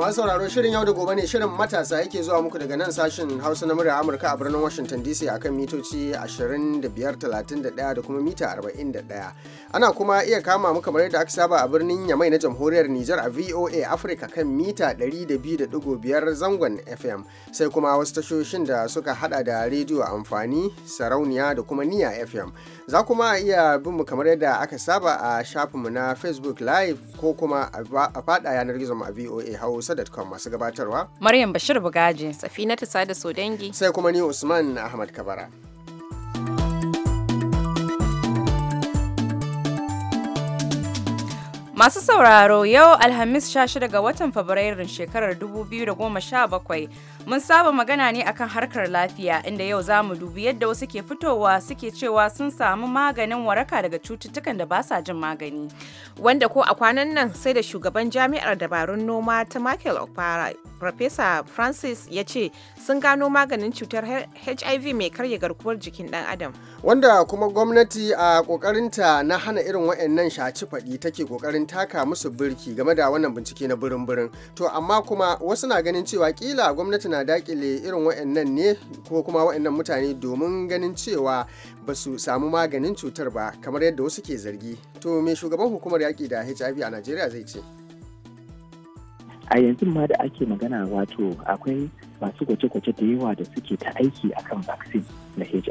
masu sauraro shirin yau da gobe ne shirin matasa yake zuwa muku daga nan sashen hausa na murya amurka a birnin washington dc akan mitoci 2531 da kuma mita 41 ana kuma iya kama mu kamar yadda aka saba a birnin yamai na jamhuriyar nijar a voa africa kan mita 200.5 zangon fm sai kuma wasu tashoshin da suka hada da rediyo amfani sarauniya da kuma niya fm za kuma iya bin mu kamar yadda aka saba a shafinmu na facebook live ko kuma a fada yanar gizo a voa hausa hausa.com masu gabatarwa. Maryam Bashir Bugaji, Safina Tisa da Sodangi. Sai kuma ni Usman Ahmad Kabara. Masu sauraro yau Alhamis 16 ga watan Fabrairun shekarar 2017 mun saba magana ne akan harkar lafiya inda yau za mu dubi yadda wasu ke fitowa suke cewa sun samu maganin waraka daga cututtukan da ba sa jin magani. Wanda ko a kwanan nan sai da shugaban jami'ar dabarun noma ta Michael Okpara Professor Francis ya ce sun gano maganin cutar HIV mai karya garkuwar jikin ɗan adam. Wanda kuma gwamnati a ƙoƙarinta na hana irin waɗannan shaci faɗi take ƙoƙarin taka musu birki game da wannan bincike na birin-birin to amma kuma wasu na ganin cewa kila gwamnati na dakile irin waɗannan ne ko kuma waɗannan mutane domin ganin cewa ba su samu maganin cutar ba kamar yadda wasu ke zargi to me shugaban hukumar yaƙi da hiv a najeriya zai ce a yanzu ma da ake magana wato akwai masu gwaje-gwaje da yawa da suke ta aiki akan vaccine na hiv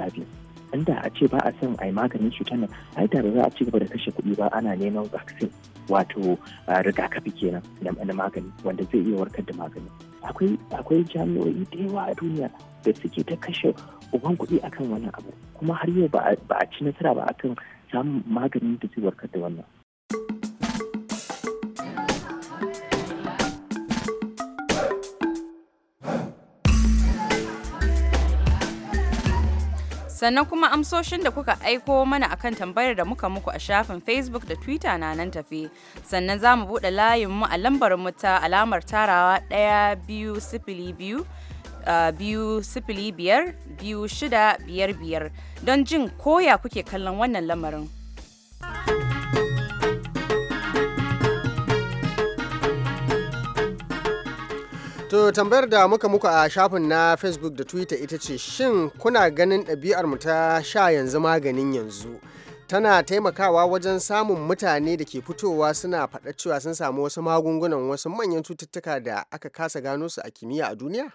inda a ce ba a son a yi maganin cutar nan ai da ba za a ci gaba da kashe kuɗi ba ana neman vaccine wato rigakafi kenan na magani wanda zai iya warkar da magani akwai akwai jami'o'i da yawa a duniya da suke ta kashe uban kuɗi akan wannan abu kuma har yau ba a ci nasara ba akan samun maganin da zai warkar da wannan sannan kuma amsoshin da kuka aiko mana akan tambayar da muka muku a shafin facebook da twitter na nan tafe sannan za mu buɗe layinmu a lambar mu ta alamar tarawa ɗaya biyu sifili biyu biyu sifili biyar biyu shida biyar biyar don jin koya kuke kallon wannan lamarin To tambayar da muka muku a shafin na Facebook da Twitter ita ce shin kuna ganin ɗabi'ar mu ta sha yanzu maganin yanzu tana taimakawa wajen samun mutane da ke fitowa suna faɗa cewa sun samu wasu magungunan wasu manyan cututtuka da aka kasa gano su a kimiyya a duniya?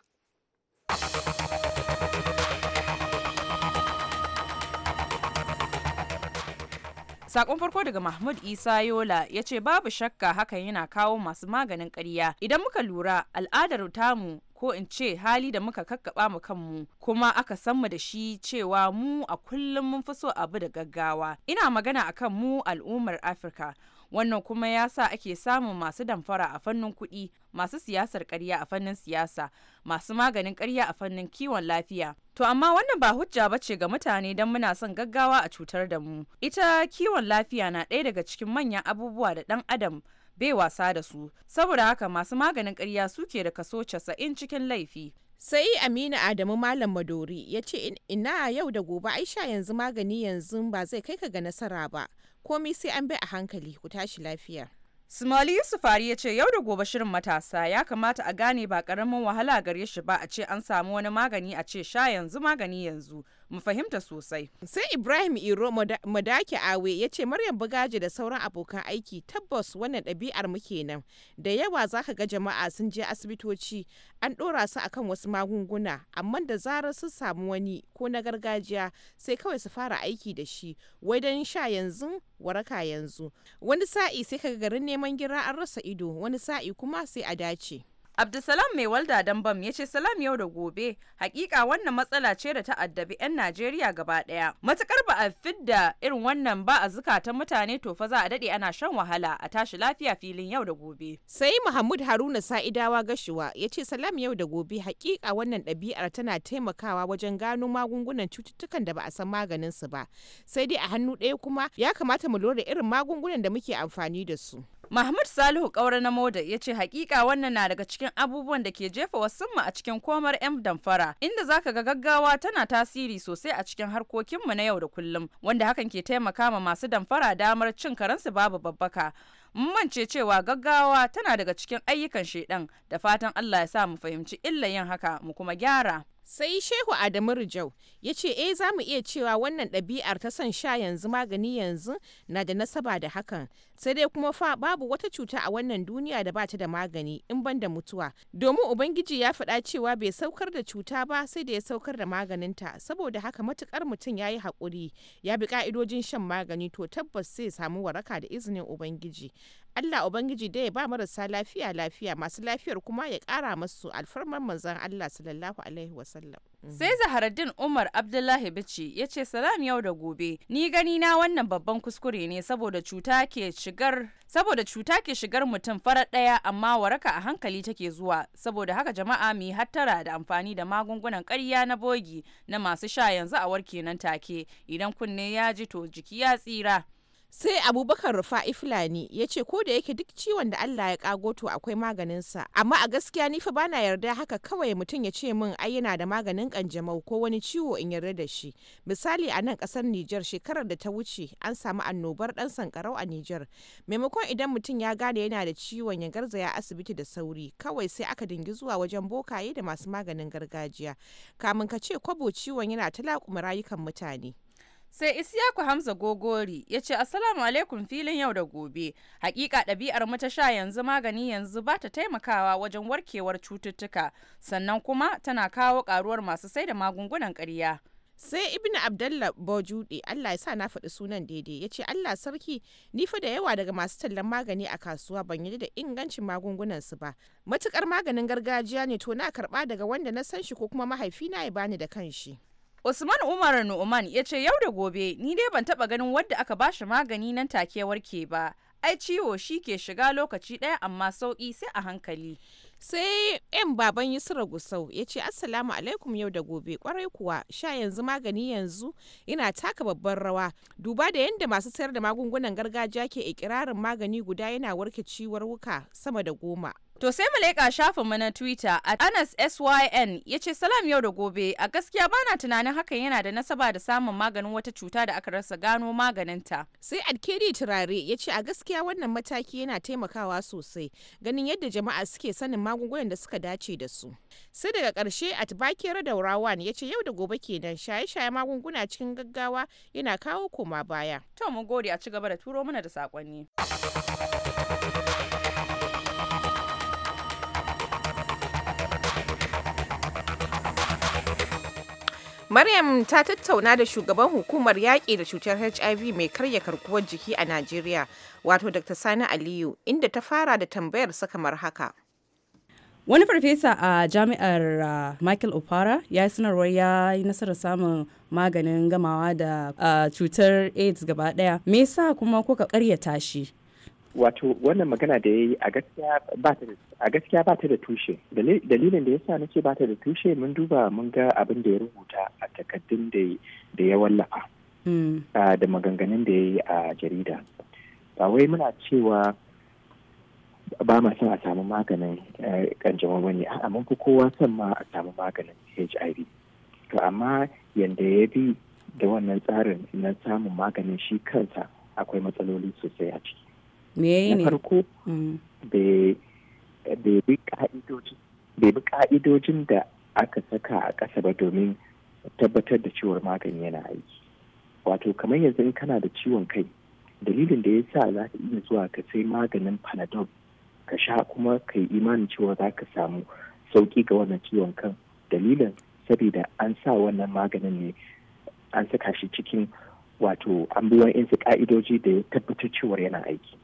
Sakon farko daga Mahmud Isa Yola ya ce babu shakka hakan yana kawo masu maganin ƙarya. Idan muka lura al'adar tamu ko in ce hali da muka kakkaba mu kanmu kuma aka san mu da shi cewa mu a kullum mun fi so abu da gaggawa. Ina magana akan mu al'ummar Afirka. wannan kuma ya sa ake samun masu damfara a fannin kuɗi masu siyasar karya a fannin siyasa masu maganin karya a fannin kiwon lafiya to amma wannan ba hujja ba ce ga mutane don muna son gaggawa a cutar da mu ita kiwon lafiya na ɗaya daga cikin manyan abubuwa da ɗan adam bai wasa da su saboda haka masu maganin karya suke da kaso casa'in cikin laifi sai amina adamu malam madori ya ce ina yau da gobe aisha yanzu magani yanzu ba zai kai ka ga nasara ba komai sai an bi a hankali ku tashi lafiya. Sumali Yusuf ya ce yau da gobe shirin matasa ya kamata a gane ba karamin wahala gare shi ba a ce an samu wani magani a ce sha yanzu magani yanzu mu fahimta sosai. Sai Ibrahim Iro Madaki Awe ya ce Maryam Bugaji da sauran abokan aiki tabbas wannan ɗabi'ar muke nan Da yawa za ka ga jama'a sun je asibitoci an ɗora su akan wasu magunguna amma da zarar sun samu wani ko na gargajiya sai kawai su fara aiki da shi wai don sha yanzu waraka yanzu. Wani sa'i sai ka ga garin neman gira an rasa ido wani sa'i kuma sai a dace. Abdulsalam mai walda bam ya ce salam yau da gobe hakika wannan matsala ce da ta addabi 'yan Najeriya gaba daya. Matukar ba a fidda irin wannan ba a zukatan mutane to fa za a dade ana shan wahala a tashi lafiya filin yau da gobe. Sai Muhammad Haruna Sa'idawa Gashuwa ya ce salam yau da gobe hakika wannan ɗabi'ar tana taimakawa wajen gano magungunan cututtukan da ba a san maganin su ba. Sai dai a hannu ɗaya kuma ya kamata mu lura irin magungunan da muke amfani da su. Mahmud Salihu Kaura na Moda ya ce hakika wannan na daga cikin abubuwan da ke jefa wasunmu a cikin komar 'yan damfara inda zaka ga gaggawa tana tasiri sosai a cikin harkokinmu na yau da kullum wanda hakan ke taimaka ma masu damfara damar cin karansu babu babbaka. mance cewa gaggawa tana daga cikin ayyukan shaidan da fatan Allah ya sa mu fahimci illa yin haka mu kuma gyara. sai shehu adamu rijau ya ce eh za mu iya cewa wannan ɗabi'ar ta son sha yanzu magani yanzu na da nasaba da hakan sai dai kuma fa babu wata cuta a wannan duniya da bata da magani in ban da mutuwa domin ubangiji ya faɗa cewa bai saukar da cuta ba sai da ya saukar da maganinta saboda haka matukar mutum ya yi haƙuri ya bi ka'idojin shan magani to tabbas sai samu waraka da izinin ubangiji Allah Ubangiji dai ba marasa lafiya lafiya masu lafiyar kuma ya kara masu alfarmar manzan Allah sallallahu alaihi wasallam. Mhm. Sai Zaharaddin Umar Abdullahi Bici ya ce salam yau da gobe ni gani na wannan babban kuskure ne saboda cuta ke shigar saboda cuta ke shigar mutum farar daya amma waraka a hankali take zuwa saboda haka jama'a mu hattara da amfani da magungunan ƙarya na bogi na masu sha yanzu a warke nan take idan kunne ya ji to jiki ya tsira. sai abubakar rufa'i fulani ya ce ko da yake duk ciwon da allah ya kago to akwai maganinsa amma a gaskiya ni fa bana yarda haka kawai mutum ya ce min ai yana da maganin kanjamau ko wani ciwo in yarda da shi misali a nan kasar niger shekarar da ta wuce an samu annobar dan sankarau a niger maimakon idan mutum ya gane yana da ciwon ya garzaya asibiti da sauri kawai sai aka dingi zuwa wajen bokaye da masu maganin gargajiya kamin ka ce kwabo ciwon yana ta laƙumi rayukan mutane sai isyaku hamza gogori ya ce assalamu alaikum filin yau da gobe hakika ɗabi'ar mu ta sha yanzu magani yanzu ba ta taimakawa wajen warkewar cututtuka sannan kuma tana kawo karuwar masu sai da magungunan karya. sai ibnu abdallah bojude allah ya sa na faɗi sunan daidai ya ce allah sarki ni fa da yawa daga masu tallan magani a kasuwa ban yi da ingancin magungunan su ba matukar maganin gargajiya ne to na karɓa daga wanda na san shi ko kuma mahaifina ya bani da kanshi Usman Umar Nu'man ya ce yau da gobe ni dai ban taba ganin wadda aka ba shi magani nan take warke ba. Ai ciwo shi ke shiga lokaci ɗaya amma sauƙi sai a hankali. sai yan baban yusra gusau ya ce assalamu alaikum yau da gobe kwarai kuwa sha yanzu magani yanzu yana taka babban rawa duba da yadda masu sayar da magungunan gargajiya ke ikirarin magani guda yana warke ciwar wuka sama da goma To sai mu leƙa shafinmu na Twitter at Anas SYN ya ce salam yau da gobe a gaskiya bana tunanin hakan yana da nasaba da samun maganin wata cuta da aka rasa gano maganinta. Sai Adkeri Turare ya ce a gaskiya wannan mataki yana taimakawa sosai ganin yadda jama'a suke sanin magungunan da suka dace da su. Sai daga karshe at Bakira Daurawan ya ce yau da gobe kenan shaye-shaye magunguna cikin gaggawa yana kawo koma baya. To mu gode a ci gaba da turo mana da sakonni. Maryam ta tattauna da shugaban hukumar yaƙi da cutar HIV mai karya karkuwar jiki a Najeriya, wato Dr. Sani Aliyu, inda ta fara da tambayar sa kamar haka. Wani farfesa a jami'ar uh, Michael Opara ya yi sanarwar ya yi nasarar samun maganin gamawa da uh, cutar AIDS gaba ɗaya. Me yasa kuma kuka karyata shi? wato wannan magana da ya yi a gaskiya ba ta da tushe dalilin da ya sa nake ba ta da tushe mun duba mun ga abin da ya rubuta a takardun da ya wallafa hmm. da maganganun da ya yi a jarida ba wai muna cewa ba ma son a samu maganin kanjamau eh, ba ne a mun fi kowa son ma a samu maganin hiv to amma yadda ya bi da wannan tsarin na samun maganin shi kansa akwai matsaloli sosai a ciki na farko mm. bai bi ka'idojin da aka saka a ƙasa ba domin tabbatar da ciwon magani yana aiki wato kamar yanzu in kana da ciwon kai dalilin da ya sa za ka iya zuwa ka sai maganin panadol ka sha kuma ka yi imanin cewa za ka samu sauƙi ga wannan ciwon kan dalilin saboda an sa wannan maganin ne an saka shi cikin wato an biyo wa'insu ka'idoji da ya tabbatar cewar yana aiki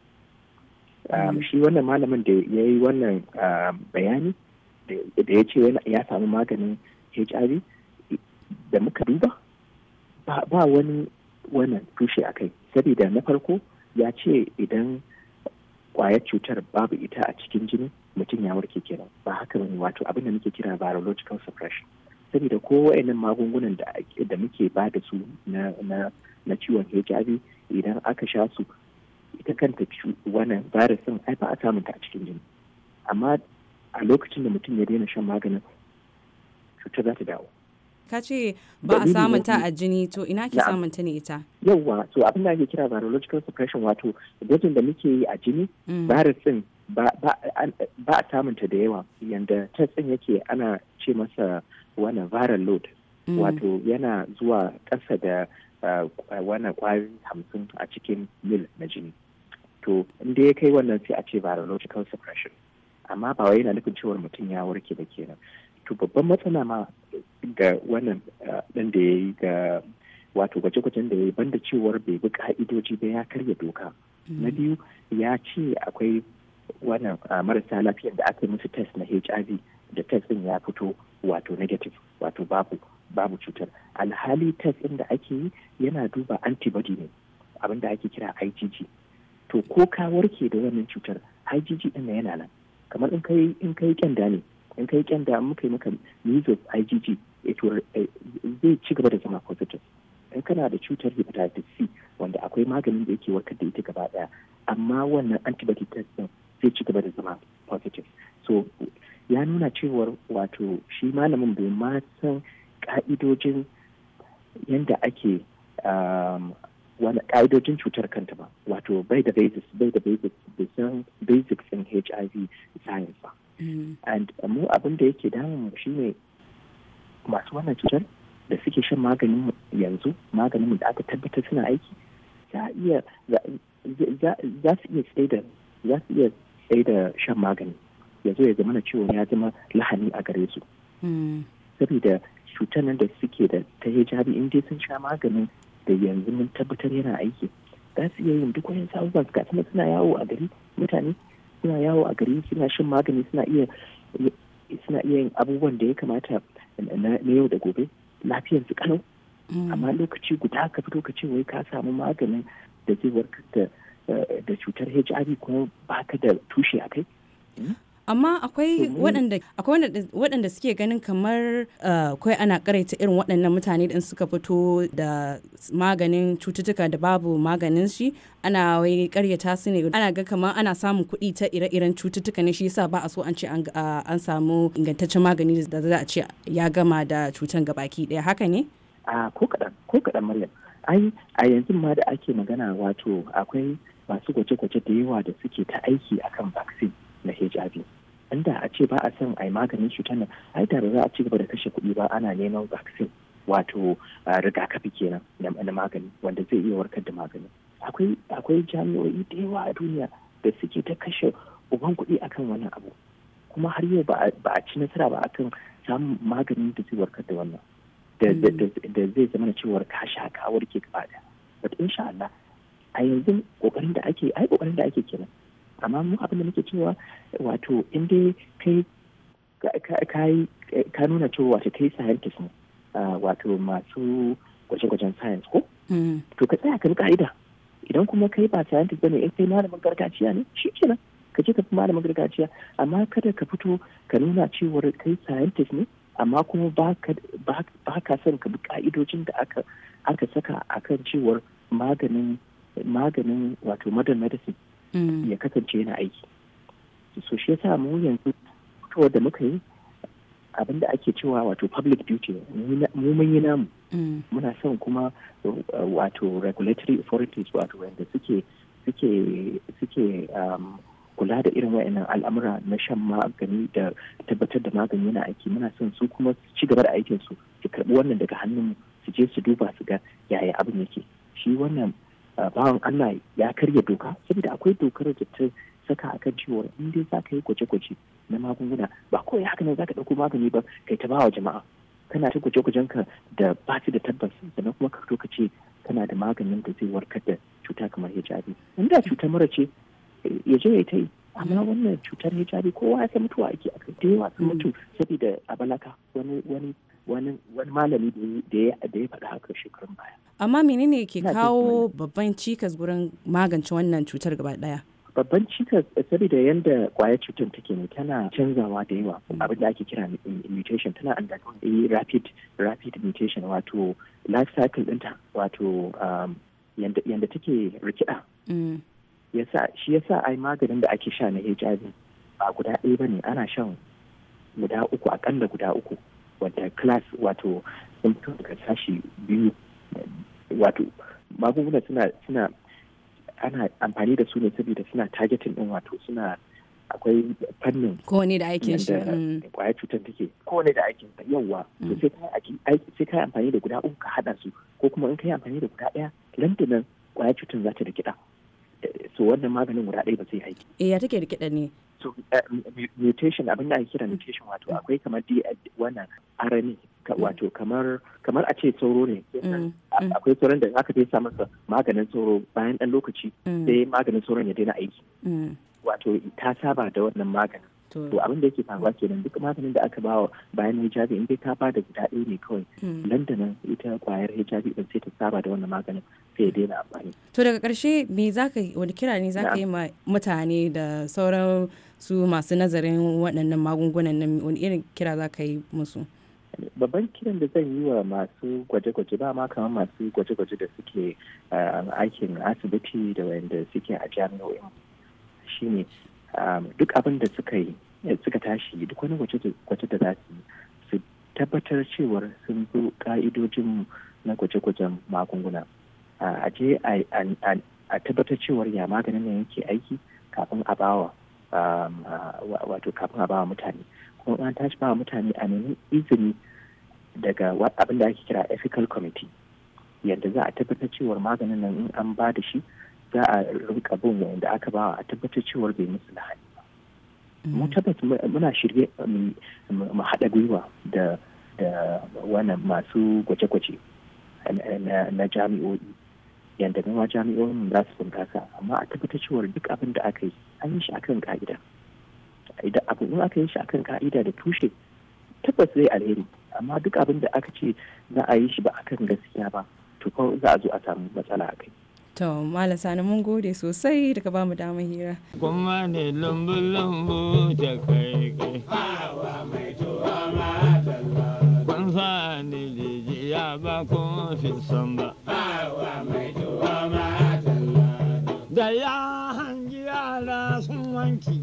Um, shi wannan malamin da ya yi wannan um, bayani da ya ce ya samu maganin hiv da muka duba ba wani wannan tushe a kai saboda na farko ya ce idan kwayar cutar babu ita a cikin jini mutum ya warke kenan ba haka bane wato abin da muke kira virological suppression saboda ko wayannan magungunan da muke ba da su na ciwon HIV idan aka sha su ita kanta wannan virus din ai ba a samun ta a cikin jini amma a lokacin da mutum ya daina shan maganin cutar za ta dawo ka ce ba a samun ta a jini to ina ke samun ta ne ita yawwa so abin da ake kira virological suppression wato gwajin da muke yi a jini mm. virus din ba a samun ta da yawa yanda ta din yake ana ce masa wannan viral load mm. wato yana zuwa ƙasa da Eh, wannan kwayoyi hamsin a cikin mil na jini to inda ya kai wannan sai a ce virological suppression amma ba wai yana nufin cewar mutum ya warke ba kenan to babban matsala ma ga wannan eh, ɗin da ya yi ga wato gwaje-gwajen da ya yi banda cewar bai bi ka'idoji ba ya karya doka na mm. biyu ya ce akwai wannan eh, marasa lafiyar da aka yi musu test na hiv da test ɗin ya fito wato negative wato babu babu cutar alhali test ɗin da ake yi yana duba antibody ne abin ake kira igg to ko ka warke da wannan cutar igg ɗin na yana nan kamar in kai in kai kyanda ne in kai kyanda muka yi maka measles igg eh, eh, zai ci gaba da zama positive in kana da cutar hepatitis c wanda akwai maganin da yake warkar da ita gaba ɗaya amma wannan antibody test ɗin zai ci gaba da zama positive so ya nuna cewar wato shi malamin bai ma san ka'idojin yadda ake um, wani ka'idojin cutar kanta ba wato bai da basis bai da basis bisan basics in hiv science ba mm. and mu abin da yake damun shine masu wannan cutar da suke shan maganin yanzu maganin da aka tabbatar suna aiki za iya za su iya tsaye da za su iya tsaye da shan magani yanzu ya zama na ciwon ya zama lahani a gare su mm. saboda cutar nan da suke da ta HIV in dai sun sha maganin da yanzu mun tabbatar yana aiki za su iya yin duk wani abubuwan ga kuma suna yawo a gari mutane suna yawo a gari suna shan magani suna iya yin abubuwan da ya kamata na yau da gobe lafiyar su kalau mm. amma lokaci guda ka fito ka ce wai ka samu maganin da zai warkar da eh, cutar HIV kuma baka da tushe a kai hmm? amma akwai waɗanda suke ganin kamar uh, akwai ana karaita irin waɗannan mutane da suka fito da maganin cututtuka da babu maganin shi ana wai karyata su ne ana ga kamar ana samun kuɗi ta ire-iren cututtuka ne shi yasa ba a so an ce uh, an samu ingantaccen magani da za a ce ya gama da cutan gabaki ɗaya haka ne a ko kaɗan ko kaɗan maryam ai a yanzu ma da ake magana wato akwai masu gwaje-gwaje da yawa da suke ta aiki akan vaccine na hiv inda a ce ba a son a yi maganin cutar nan ai da ba za a ci gaba da kashe kuɗi ba ana neman vaccine wato ah, rigakafi kenan na magani wanda zai iya warkar da magani akwai jami'o'i da yawa a duniya da suke ta kashe uban kuɗi akan wani abu kuma har yau ba a ci nasara ba akan samun maganin da zai warkar da wannan da zai zama na cewar ka sha ka warke gaba da but insha Allah a yanzu kokarin da ake ai kokarin da ake kenan amma mu abin da muke cewa wato in dai kai ka nuna cewa wato kai scientist ne wato masu gwaje-gwajen science ko hmm. to ka tsaya kan ka'ida idan kuma kai ba scientist bane in kai malamin gargajiya ne shi kenan ka je ka fi malamin gargajiya amma kada ka fito ka nuna cewar kai scientist ne amma kuma ba ka son ka bi ka'idojin da aka saka akan cewar maganin maganin wato modern medicine Mm. ya kasance yana aiki so shi yasa mu yanzu fitowar da muka yi abinda ake cewa wato public duty mu mun yi namu mm. muna son kuma uh, wato regulatory authorities wato wanda suke suke suke um, kula da irin wa'annan al'amura na shan magani da tabbatar da magani yana aiki muna son su kuma su ci gaba da aikin su su karbi wannan daga hannun su je su duba su ga yaya abin yake shi wannan bawan Allah ya karya doka saboda akwai dokar da ta saka akan cewa in dai za ka yi gwaje-gwaje na magunguna ba kawai haka ne za ka ɗauko magani ba kai ta bawa jama'a kana ta gwaje-gwajen ka da ba da tabbas sannan kuma ka ka ce kana da maganin da zai warkar da cuta kamar hijabi da cutar mara ce ya je ya ta yi amma wannan cutar hijabi kowa ya san mutuwa ake akai da yawa sun mutu saboda abalaka wani wani wani malami da ya faɗa haka shekarun baya. Amma menene ke kawo babban cikas gurin magance wannan cutar gaba ɗaya? babban cikas saboda yadda kwaya cutar take ne tana canzawa da yawa abin da ake kira mutation tana undergoing rapid rapid mutation wato life cycle ɗinta wato um, yadda take rikida mm. shi yasa ai maganin da ake sha na HIV ba guda ɗaya ba ne ana shan guda uku akalla guda uku wata class wato sun fito daga sashi biyu wato magunguna suna suna ana amfani da su ne saboda suna targeting din wato suna akwai fannin ne da aikin shi mm. Kwaya cutar take ne da aikin ta yawa to mm. sai kai sai kai amfani da guda uku ka hada su ko kuma in kai amfani da guda daya lantunan kwaya cutar za ta rikida eh, so wannan maganin guda ɗaya ba zai aiki. Eh ya take rikida ne so eh, mutation abin da ake kira mutation wato mm. akwai kamar eh, wannan arani mm. wato kamar kamar a ce sauro ne mm, akwai tsoron da aka samun masa maganin sauro bayan dan lokaci sai maganin sauron ya daina aiki wato ta saba da wannan maganin to abin da yake faruwa ke nan duk maganin da aka bawa bayan hijabi in dai ta ba da guda ɗaya ne kawai nan da nan ita kwayar hijabi ɗin sai ta saba da wannan maganin sai ya daina amfani to daga ƙarshe me zaka wani kira ne zaka yi ma mutane da sauran su masu nazarin waɗannan magungunan nan wani irin kira za ka yi musu babban kiran da zan yi wa masu gwaje-gwaje ba ma kamar masu gwaje-gwaje da suke um, aikin asibiti da wanda suke a jami'o'in shine um, duk abin da suka yi eh, suka tashi duk wani gwaje da za su su tabbatar cewar sun bi ka'idojin na gwaje-gwajen magunguna a je a tabbatar cewar ya maganin yake aiki kafin a bawa Um, uh, wato kafin a bawa mutane kuma an tashi bawa mutane a nemi izini daga abin da ake kira ethical committee yadda za a tabbatar cewar maganin nan in an ba da shi za a rinka bin wanda aka bawa a tabbatar cewar bai musu lahani ba mm. mu tabbatar, muna shirye um, mu haɗa gwiwa da wannan masu gwaje-gwaje na jami'o'i yadda gama jami'o'in za su bunkasa amma a tabbatar cewa duk abin da aka yi an yi shi akan ka'ida idan abu in aka yi shi akan ka'ida da tushe tabbas zai alheri amma duk abin da aka ce za a yi shi ba akan gaskiya ba to ko za a zo a samu matsala a kai to malam sani mun gode sosai daga bamu damar hira kuma ne lambu lambu da kai kai mai tuwa ma kun sa ni jijiya ba kun fi son ba mai da ya hangi sun wanki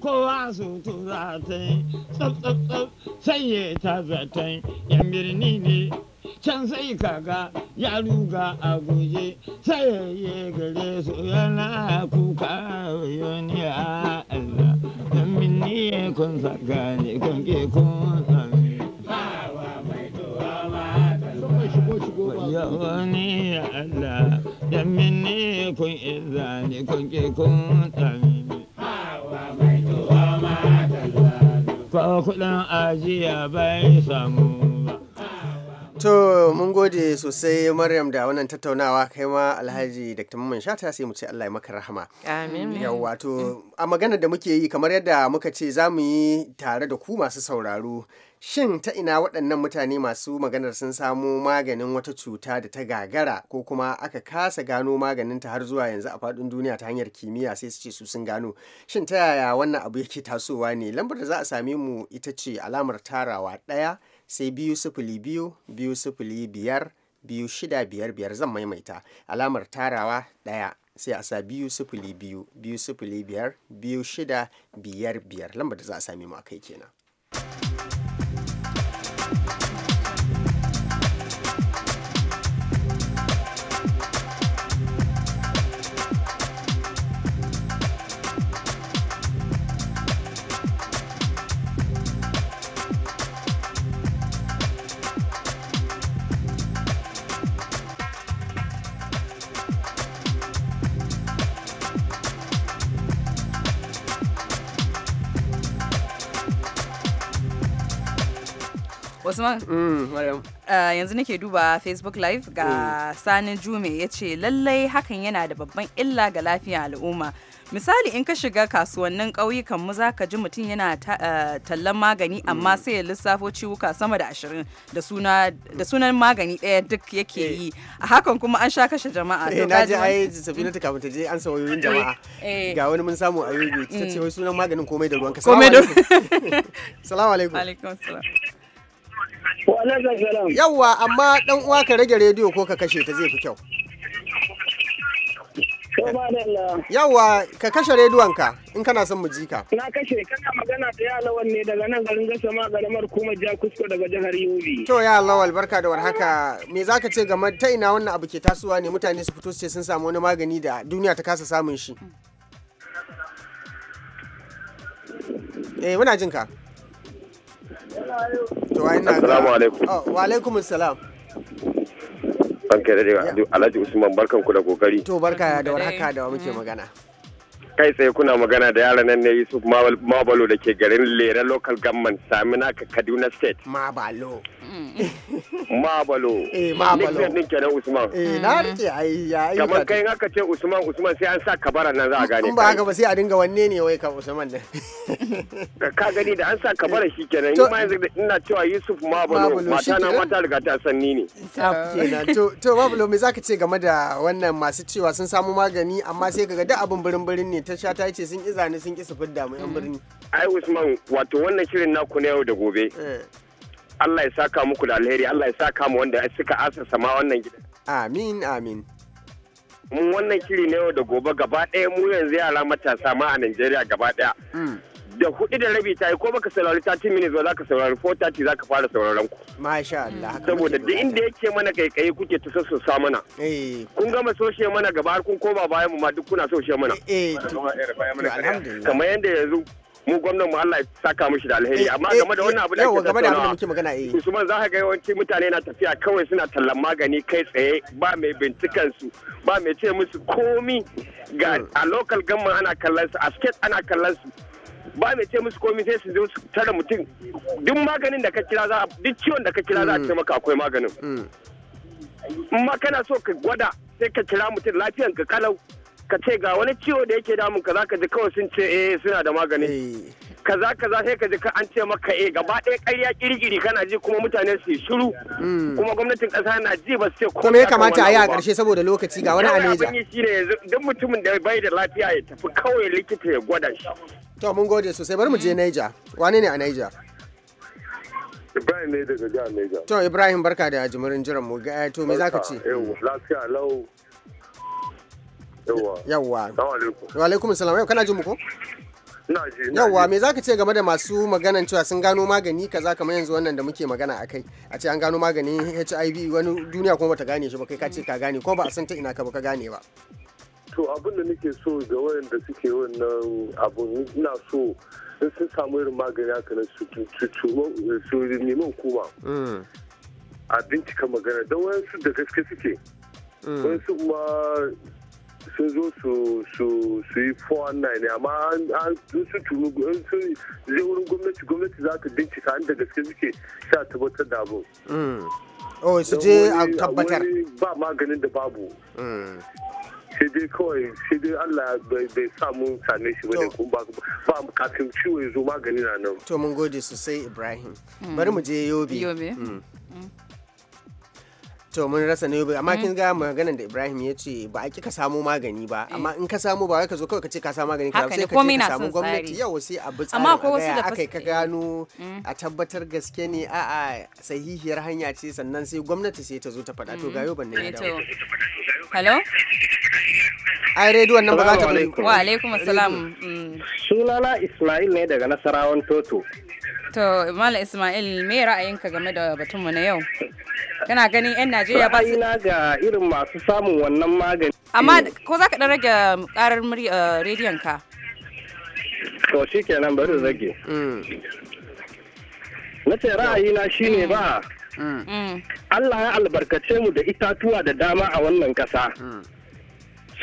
kowa su tura ta yi tsaf sai ya ta zaton yan birni ne can sai kaga ya ruga a guje sai ya gare su yana kuka yoni a Allah don minni kun saka ne kun kun kun izani kun ki kun tsamimi. Ko kuɗin ajiya bai samu ba. To mun gode sosai Maryam da wannan tattaunawa kai ma Alhaji Dr. Mamman Shata sai mu ce Allah ya maka rahama. Amin. Yawwa to a magana da muke yi kamar yadda muka ce za mu yi tare da ku masu sauraro. shin ta ina waɗannan mutane masu maganar sun samo maganin wata cuta da ta gagara ko kuma aka kasa gano maganin ta har zuwa yanzu a faɗin duniya ta hanyar kimiyya sai su ce su sun gano shin ta yaya wannan abu yake tasowa ne lambar da za a same mu ita ce alamar tarawa ɗaya sai biyu sifili biyu biyu sifili biyar biyu shida biyar biyar zan maimaita alamar tarawa ɗaya sai a sa biyu sifili biyu biyu sifili biyar biyu shida biyar biyar lambar da za a same mu a kai kenan Usman. Mm, Maryam. Eh, yanzu nake duba Facebook Live ga mm. Sani Jume ya ce lallai hakan yana da babban illa ga lafiyar al'umma. Misali in ka shiga kasuwannin ƙauyukan mu zaka ji mutum yana eh, tallan magani mm. amma sai ya lissafo ciwuka sama da ashirin da sunan magani ɗaya duk yake eh. yi. A hakan kuma an sha kashe jama'a. Eh na ji ai Sabina ta kafin ta je an saurayin jama'a. Ga wani mun samu a yobe ta ce wai sunan maganin komai da ruwan ka. Komai da. Salamu alaikum. Alaikum salam. Yawwa amma ɗan uwa ka rage rediyo ko ka kashe ta zai fi kyau. Yawwa ka kashe rediyonka in kana son mu ji ka. Na kashe kana magana da yalawal ne daga nan garin gasa ma garamar kuma ja kusko daga jihar Yobe. To ya lawal barka da warhaka me zaka ce game ta ina wannan abu ke tasowa ne mutane su fito su ce sun samu wani magani da duniya ta kasa samun shi. Eh muna jin ka. To oh, Wa alaikum da Alhaji Usman barkan ku da kokari. To barka da warhaka da wa muke magana. kai tsaye kuna magana da yaran nan ne Yusuf Mabalo da ke garin Lera Local Government Samina ka Kaduna State. Mabalo. Mabalo. Eh Mabalo. Nickname din kenan Usman. Eh na rike ai ya yi. Kamar kai in aka ce Usman Usman sai an sa kabara nan za a gane. In ba haka ba sai a dinga wanne ne wai ka Usman din. Ka gani da an sa kabara shi kenan in ma yanzu ina cewa Yusuf Mabalo mata na mata riga ta sanni ne. to to Mabalo me zaka ce game da wannan masu cewa sun samu magani amma sai kaga duk abun birin birin ne ta sha ta ce sun ƙi zane sun ƙi su fidda mu yan mm. birni. Ai Usman wato wannan shirin naku na yau da gobe. Eh. Allah ya saka muku da alheri Allah ya saka mu wanda suka asasa ma wannan gidan. Amin amin. Mun wannan shiri na yau da gobe gaba ɗaya mu yanzu yara matasa ma a Najeriya gaba ɗaya. Mm. da hudu da rabi ta yi ko baka saurari 30 minutes ba za ka saurari 430 za ka fara sauraron ku. Masha Allah. Saboda duk inda yake mana kaikayi kuke ta sa mana. Eh. Kun gama shi mana gaba har kun koma bayan mu ma duk kuna shi mana. Eh, eh, Kamar yadda yanzu mu gwamnan mu Allah ya saka mishi da alheri amma game da wannan abu da ake game da abin da muke magana eh Usman za ka ga yawanci mutane na tafiya kawai suna tallan magani kai tsaye ba mai bincikan su ba mai ce musu komi ga hmm. a local government ana kallon su a state ana kallon su ba mai ce musu komai sai su zo su tare mutum duk maganin da ka kira za duk ciwon da ka kira za a ce mm. maka akwai maganin mm. in ma kana so ka gwada sai ka kira mutum lafiyan ka kalau ka ce ga wani ciwo da yake damun ka zaka ji kawai sun ce eh suna da magani eh. kaza kaza sai ka ji ka an ce maka eh gaba ɗaya ƙarya kirkiri kana ji kuma mutane su shiru mm. kuma gwamnatin ƙasa na ji ba su ce kuma ya kamata a yi a ƙarshe saboda lokaci ga wani aleja duk mutumin da bai da lafiya ya tafi kawai likita ya gwada shi To mun gode sosai bari mu je mm. Niger. Wane ne a Niger? Ibrahim ne daga jihar Niger. To Ibrahim barka da jimirin jiran mu ga eh, to me zaka ce? Lafiya lau. Yawwa. Yawwa. Wa alaikum salam. Yau kana jin mu ko? Yawwa me zaka ce game da masu maganan cewa sun gano magani kaza kamar yanzu wannan da muke magana a kai a ce an gano maganin HIV wani duniya kuma bata gane shi ba kai ka ce ka gane ko ba a san ta ina ka ba ka gane ba. so abin da nake so ga wayanda suke wannan abun ina so in sun samu irin magani haka na su neman kuma mm. a bincika magana don wayansu da gaske suke mm. wayansu kuma sun zo su yi 419 ne amma an su tunu sun zai wurin gwamnati gwamnati za ta bincika an da gaske suke sha tabbatar da abu mm. Oh, su je a tabbatar. Ba maganin da babu. sai dai kawai sai dai Allah bai sa mun same shi bane kun ba ba kafin ciwo ya zo magani na nan to mun gode sosai Ibrahim mm. bari mu je Yobe Yobe mm. Mm. to mun rasa yobe amma kin ga maganar da Ibrahim ya ce ba a kika ka samu magani ba eh. amma in ka samu ba wai ka zo kawai ka ce ka samu magani ka sai ka ce ka samu gwamnati yau sai a bi tsarin ko wasu da ka gano a tabbatar gaske ne a a sahihiyar hanya ce sannan sai gwamnati sai ta zo ta faɗa to ga yau ban ne hello ai rediyon nan ba za ta wa alaikum assalam mm. sunana ismail ne daga nasarawan toto to mala ismail me ra'ayinka game da batunmu na yau kana ganin yan najeriya ba su ga irin masu samun wannan magani amma ko za ka dan rage karar eh, rediyon ka to shikenan bari rage mm. na ce ra'ayina shine ba mm. Allah ya albarkace mu da itatuwa da dama a wannan kasa.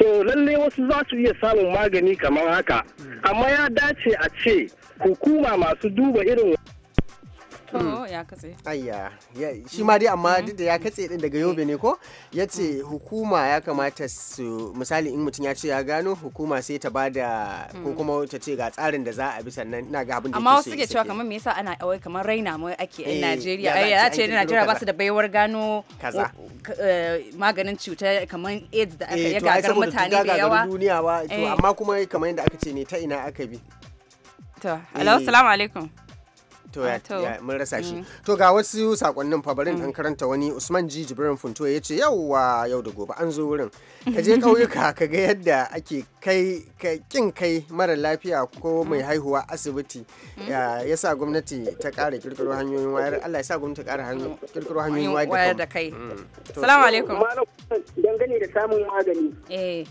so lalle wasu za su iya samun magani kamar haka amma ya dace a ce hukuma masu duba irin To mm. ya katse. Ayya, shi ma dai amma duk da ya katse din daga Yobe ne ko? Ya ce mm. hukuma ya kamata su misali in mutum ya ce ya gano hukuma sai ta bada ko mm. kuma ta ce ga tsarin da za a bi sannan ina ga abin da Amma wasu suke cewa kamar me yasa ana awai kamar raina mu ake a eh, Najeriya. Ai ya ce Najeriya ba su da baiwar gano kaza. Eh, maganin cuta kamar AIDS da aka eh, ya gagar mutane da yawa. duniya ba. Amma kuma kamar yadda aka ce ne ta ina aka bi. To, alaikum. to ya mun rasa shi mm. to ga wasu sakonnin fa barin dan mm. karanta wani Usman Ji Jibrin Funto ya ce yauwa yau da gobe an zo wurin ka je kauyuka ka ga yadda ake kai kin kai mara lafiya ko mai mm. haihuwa asibiti ya sa gwamnati ta kara kirkiro hanyoyin wayar Allah ya sa gwamnati ta kara kirkiro hanyoyin wayar da kai salamu alaikum dangane da samun magani eh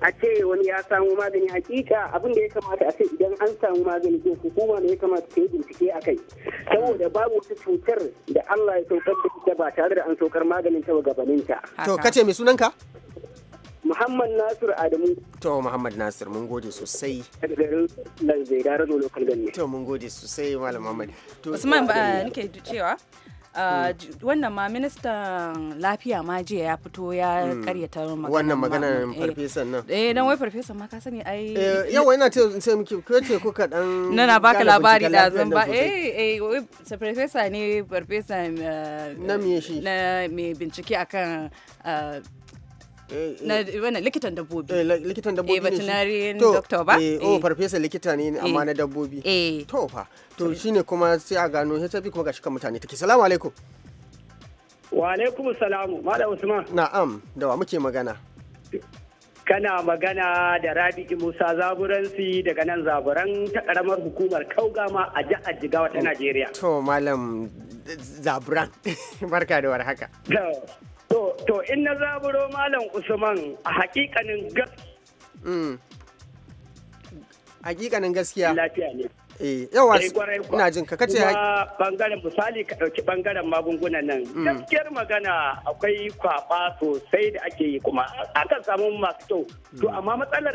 a ce wani ya samu magani hakika abin da ya kamata a ce idan an samu magani ko hukuma ne ya kamata ta yi bincike a kai saboda babu wata cutar da Allah ya saukar da ita ba tare da an saukar maganin ta gabaninta. To kace mai sunanka? Muhammad Nasir Adamu. To Muhammad Nasir mun gode sosai. Daga garin Lanzaidara Zolo Kalgan ne. To mun gode sosai Malam Muhammad. Usman ba nake cewa. Ah, hmm. wannan ma ministan lafiya ma jiya ya fito ya hmm. karyata magana wannan magana eh. farfesan nan eh dan wai hmm. farfesan ma ka sani ai eh, yawa ina ce in ce miki ko ce ka dan na na baka labari da zan ba eh eh farfesa ne farfesa eh, na me shi na me bincike akan ah, Eh, na eh. wannan likitan dabbobi eh likitan dabbobi eh, ne veterinarian doctor ba eh oh farfesa likita ne amma na dabbobi eh to fa to shine kuma sai a gano HIV kuma gashi kan mutane take salamu alaikum wa alaikum salamu malam usman na'am da wa muke magana kana magana da rabi'u musa zaburansi daga nan zaburan ta karamar hukumar kaugama a jihar jigawa ta mm. najeriya to malam zaburan barka da haka. To in na zaburo Malam Usman a hakikanin gaskiya. Mm. Hakikanin gaskiya. Lafiya ne. Eh, yawa eh, ina jin ka kace bangaren misali ka dauki bangaren magungunan nan mm. gaskiyar magana akwai kwaba sosai da ake yi kuma akan samu masu kyau to mm. amma matsalar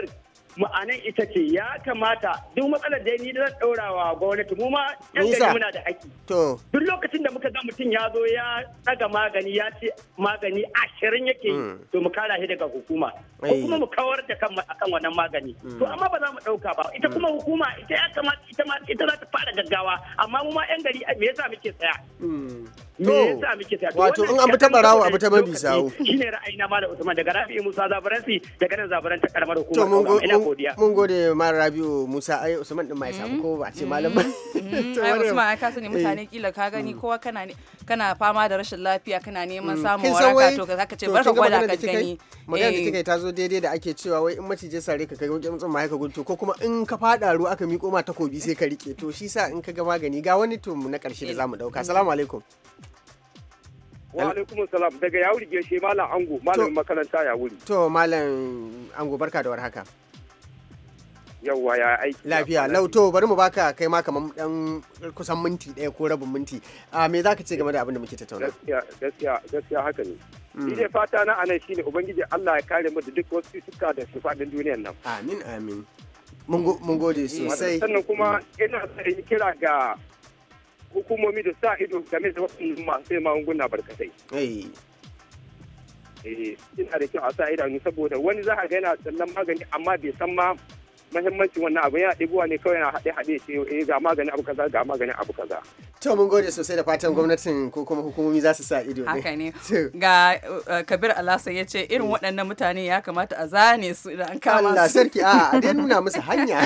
ma'anan ita ce ya kamata duk matsalar da ni da zan wa gwamnati mu ma yan gari muna da aiki To. Duk lokacin da muka ga mutum ya zo ya ɗaga magani ya ce magani ashirin yake yi mm. to mu kara shi daga hukuma. Ko kuma mu kawar da kan akan wannan magani. To mm. amma ba za mu ɗauka ba ita kuma mm. hukuma ita ya kamata ita ma ita za ta fara gaggawa amma mu ma yan gari me yasa muke tsaya. me yasa muke sai wato in an bi ta barawo abu ta mabi sawo shine ra'ayi na malam Usman daga Rabi'u Musa Zabaransi daga nan Zabaran ta karamar hukuma to ina godiya mun gode ma Rabi'u Musa ai Usman din ma ya samu mm-hmm. ko ba ce malam ba mm-hmm. ai Usman ai ka sani mutane eh. kila ka gani mm. kowa kana kana fama da rashin lafiya kana neman mm. samun waraka to ka ce barka gwada ka gani magana da kika eh. ta zo daidai da ake cewa wai in macije sare ka kai wajen tsamma ka gunto ko kuma in ka fada ruwa aka miko ma takobi sai ka rike to shi sa in ka ga magani ga wani to na karshe da eh. zamu dauka assalamu alaikum wa alaikum salam daga ya wuri geshe malam ango malamin makaranta ya wuri to malam ango barka da warhaka yawwa ya aiki lafiya lauto bari mu baka kai ma kamar dan kusan minti daya ko rabin minti a ah, me zaka ce game da abin da muke tattauna gaskiya gaskiya gaskiya haka ne hmm. ni dai fata na anan shine ubangiji Allah ya kare mu da duk wasu cututtuka da su fadin duniyar nan amin amin mun gode sosai sannan kuma ina kira ga hukumomi da sa ido game da wasu masu magunguna barkatai. Eh, ina da kyau a sa idanu saboda wani za a ga yana tsallan magani amma bai san ma mahimmanci wannan abu yana ɗibuwa ne kawai na haɗe-haɗe ce eh ga maganin abu kaza ga maganin abu kaza. To mun gode sosai da fatan gwamnatin ko kuma hukumomi za su sa ido. ne. Haka ne. Ga uh, Kabir Alasa ya ce irin mm. waɗannan mutane ya kamata a zane su idan an kama su. Allah sarki a dai nuna musu hanya.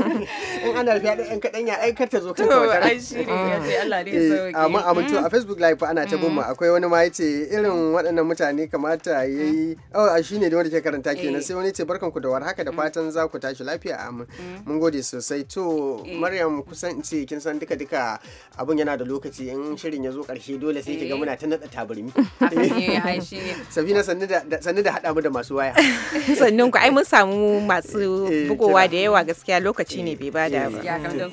In ana rufe ɗan kaɗan ya aikar ta zo kan kawai. To ai shi ne ya ce Allah ne ya eh, sauke. Amma a mutu a mm. Facebook live fa ana ta bin mu mm. akwai wani ma ya ce irin waɗannan mutane kamata ya yi. Oh shi ne da wanda ke karanta kenan eh. sai wani ce barkanku da war haka da fatan za ku tashi lafiya mm. mun gode sosai to eh. maryam kusan ce kin san duka duka abun yana da lokaci in shirin ya zo karshe dole sai ki ga eh. muna ta nada tabarmi sabina sannu da hada mu da masu waya sannun ku ai mun samu masu eh, bugowa da yawa gaskiya lokaci ne bai bada ba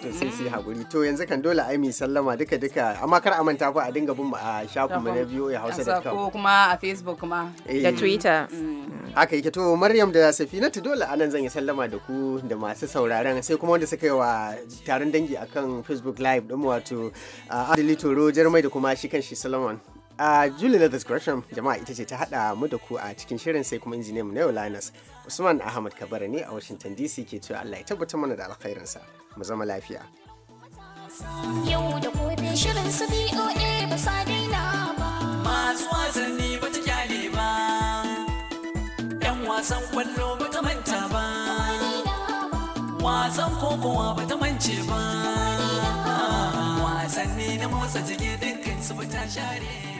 sai sai hakuri to yanzu kan dole ai mi sallama duka duka amma kar a manta ku a dinga bin mu a shafin mu na biyo ya hausa.com ko kuma a facebook ma da twitter haka yake to maryam da safinatu dole anan zan yi sallama da ku da masu sauraron sai kuma wanda suka yi wa taron dangi akan facebook live ɗin wato adili toro jarmai da kuma shi kan shi solomon a julie leathers gresham jama'a ita ce ta haɗa mu da ku a cikin shirin sai kuma injiniyan mu na yau linus usman ahmad kabara ne a washington dc ke cewa allah ya tabbatar mana da alkhairinsa mu zama lafiya ba masu wasanni ba ta kyale ba 'yan wasan kwallo ba ta wasan kokowa ba ta mance ba wasanni na motsa jiki dukkan su share